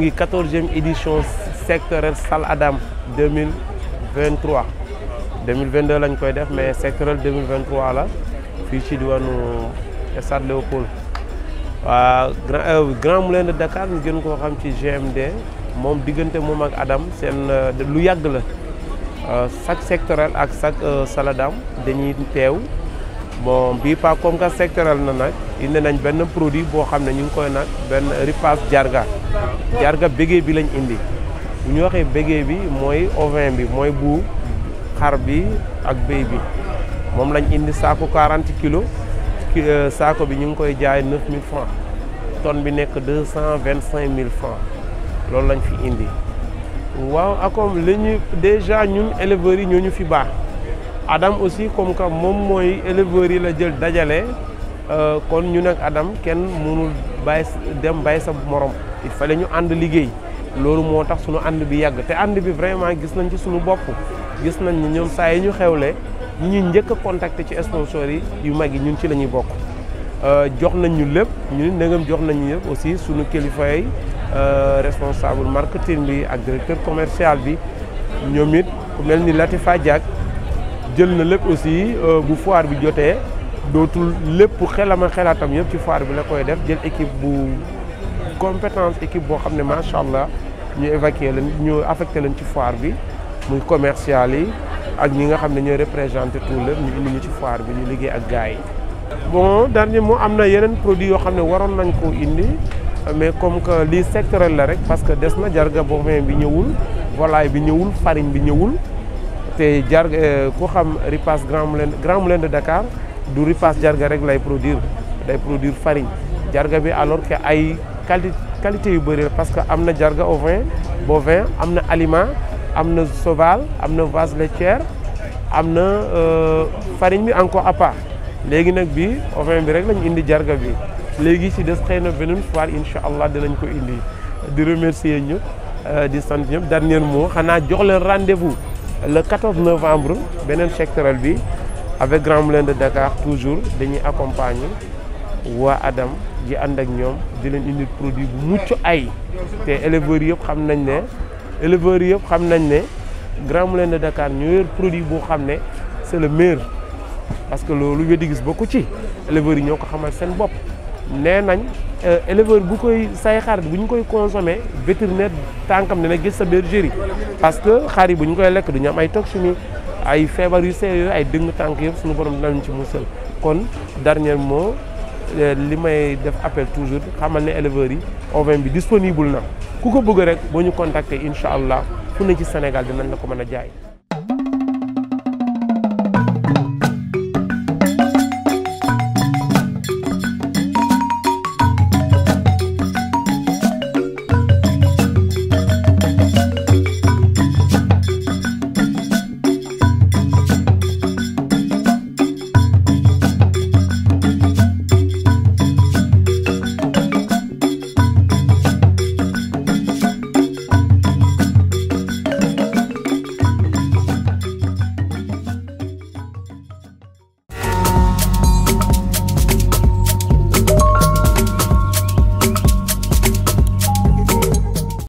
ñu ngi quatorzième édition sectorielle Salle Adam 2023 2022 lañ koy def mais sectorielle 2023 la fii ci diwaanu Stade Léopold waa grand euh, Grand Moulin de Dakar ñu gën koo xam ci GMD moom diggante moom ak Adam seen euh, lu yàgg la euh, chaque sectorielle ak chaque Salle Adam dañuy teew bon bii pas comme que sectoral na nag indi nañ benn produit boo xam ne ñu ngi koy nag benn ripaas jarga jarga bégee bi lañ indi bu ñu waxee bégee bi mooy ovin bi mooy bu xar bi ak béy bi moom lañ indi saako 40 kilos euh, saako bi ñu ngi koy jaay 9000 francs tonne bi nekk 225000 francs loolu lañ fi indi waaw akom li ñu déjà ñun éleveurs yi ñoo ñu fi baax Adam aussi comme que moom mooy éleveurs yi la jël dajale euh, kon ñu nag Adam kenn mënul bàyyi dem bàyyi sa morom il fallait ñu ànd liggéey loolu moo tax suñu ànd bi yàgg te ànd bi vraiment gis nañ ci suñu bopp gis nañ ni ñoom saa yi ñu xewle ñi ñuy njëkk a contacter ci sponsors yi yu mag yi ñun ci la ñuy bokk euh, jox nañ ñu lépp ñu ndëngam jox nañu ñu lépp aussi suñu kilifa yi euh, responsable marketing bi ak directeur commercial bi ñoom it ku mel ni Latifa Diak jël na lépp aussi euh, bu foire bi jotee dootul lépp xelama ak xelaatam yëpp ci foire bi la koy def jël équipe bu compétence équipe boo xam ne macha allah ñu évacuer leen ñu affecté leen ci foire bi muy commercial yi ak ñi nga xam ne ñooy représenté tout lépp ñu indi ñu ci foire bi ñu liggéey ak gars yi. bon dernier mot am na yeneen produit yoo xam ne waroon nañ koo indi mais comme que lii sectoriel la rek parce que des na jarga bovin bi ñëwul volaille bi ñëwul farine bi ñëwul. te jar euh, ku xam ripaas Grand Moulin Grand Moulin de Dakar du ripaas jarga rek lay produire day produire farine jarga bi alors que ay qualité qualité yu bëri parce que am na jarga ovin bovin am na aliment am na soval am na vache laitière am na euh, farine bi encore à part léegi nag bi ovin bi rek lañu indi jarga bi léegi si des xëy na beneen fois incha allah nañ ko indi di remercier ñëpp euh, di sant ñëpp dernier moo xanaa jox leen rendez-vous. le 14 novembre benen sectoriel bi avec Grand Moulin de Dakar toujours dañuy accompagner wa Adam di and ak ñom di leen indi produit bu muccu ay té éleveur yëpp xam nañ né éleveur yëpp xam nañ né Grand Moulin de Dakar ñu yor produit bu xamné c'est le meilleur parce que lolu wédi gis bokku ci éleveur ñoko xamal seen bop né nañ Euh, éleveur bu koy say xar bu ñu koy consommé vétérinaire tànkam dana gis sa bergerie parce que xar yi bu ñu koy lekk du ñu am ay toxines ay feebar yu seer ay dëng tànk yëpp suñu borom dinañ ci musal kon dernier mot euh, li may def appel toujours xamal ne éleveurs yi ovin bi disponible na ku ko bëggee rek boo ñu contacter incha allah fu ne ci Sénégal dinañ la ko mën a jaay.